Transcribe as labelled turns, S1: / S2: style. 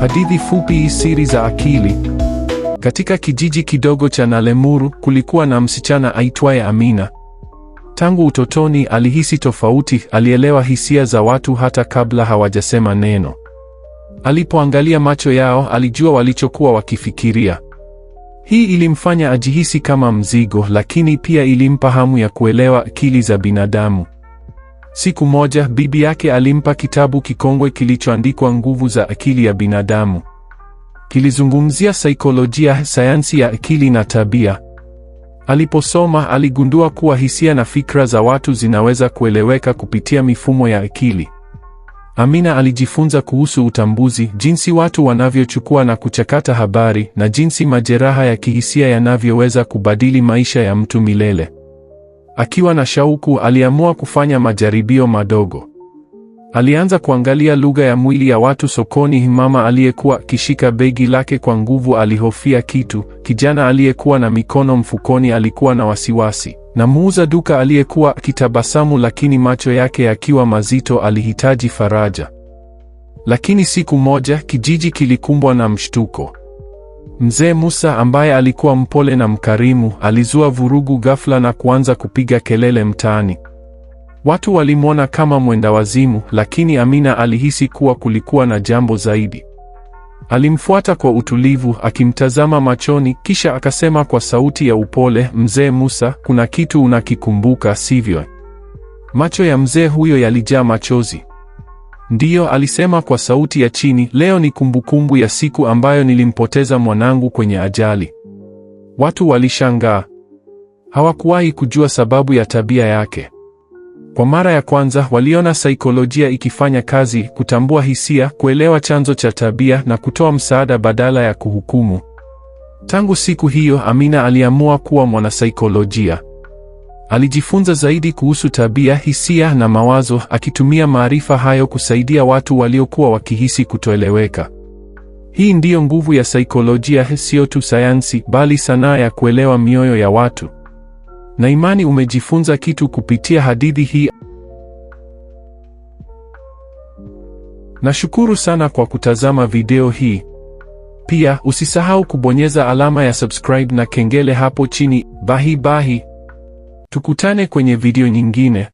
S1: Hadithi fupi: siri za akili. Katika kijiji kidogo cha Nalemuru kulikuwa na msichana aitwaye Amina. Tangu utotoni alihisi tofauti, alielewa hisia za watu hata kabla hawajasema neno. Alipoangalia macho yao, alijua walichokuwa wakifikiria. Hii ilimfanya ajihisi kama mzigo, lakini pia ilimpa hamu ya kuelewa akili za binadamu. Siku moja bibi yake alimpa kitabu kikongwe kilichoandikwa Nguvu za Akili ya Binadamu. Kilizungumzia saikolojia, sayansi ya akili na tabia. Aliposoma aligundua kuwa hisia na fikra za watu zinaweza kueleweka kupitia mifumo ya akili. Amina alijifunza kuhusu utambuzi, jinsi watu wanavyochukua na kuchakata habari, na jinsi majeraha ya kihisia yanavyoweza kubadili maisha ya mtu milele. Akiwa na shauku, aliamua kufanya majaribio madogo. Alianza kuangalia lugha ya mwili ya watu sokoni. Mama aliyekuwa akishika begi lake kwa nguvu alihofia kitu. Kijana aliyekuwa na mikono mfukoni alikuwa na wasiwasi, na muuza duka aliyekuwa akitabasamu lakini macho yake yakiwa mazito alihitaji faraja. Lakini siku moja kijiji kilikumbwa na mshtuko. Mzee Musa ambaye alikuwa mpole na mkarimu, alizua vurugu ghafla na kuanza kupiga kelele mtaani. Watu walimwona kama mwendawazimu, lakini Amina alihisi kuwa kulikuwa na jambo zaidi. Alimfuata kwa utulivu, akimtazama machoni, kisha akasema kwa sauti ya upole, Mzee Musa, kuna kitu unakikumbuka, sivyo? Macho ya mzee huyo yalijaa machozi. Ndiyo, alisema kwa sauti ya chini, leo ni kumbukumbu ya siku ambayo nilimpoteza mwanangu kwenye ajali. Watu walishangaa. Hawakuwahi kujua sababu ya tabia yake. Kwa mara ya kwanza waliona saikolojia ikifanya kazi, kutambua hisia, kuelewa chanzo cha tabia na kutoa msaada badala ya kuhukumu. Tangu siku hiyo, Amina aliamua kuwa mwanasaikolojia. Alijifunza zaidi kuhusu tabia, hisia na mawazo, akitumia maarifa hayo kusaidia watu waliokuwa wakihisi kutoeleweka. Hii ndiyo nguvu ya saikolojia, sio tu sayansi, bali sanaa ya kuelewa mioyo ya watu. Na imani umejifunza kitu kupitia hadithi hii. Nashukuru sana kwa kutazama video hii. Pia usisahau kubonyeza alama ya subscribe na kengele hapo chini. Bahi bahi. Tukutane kwenye video nyingine.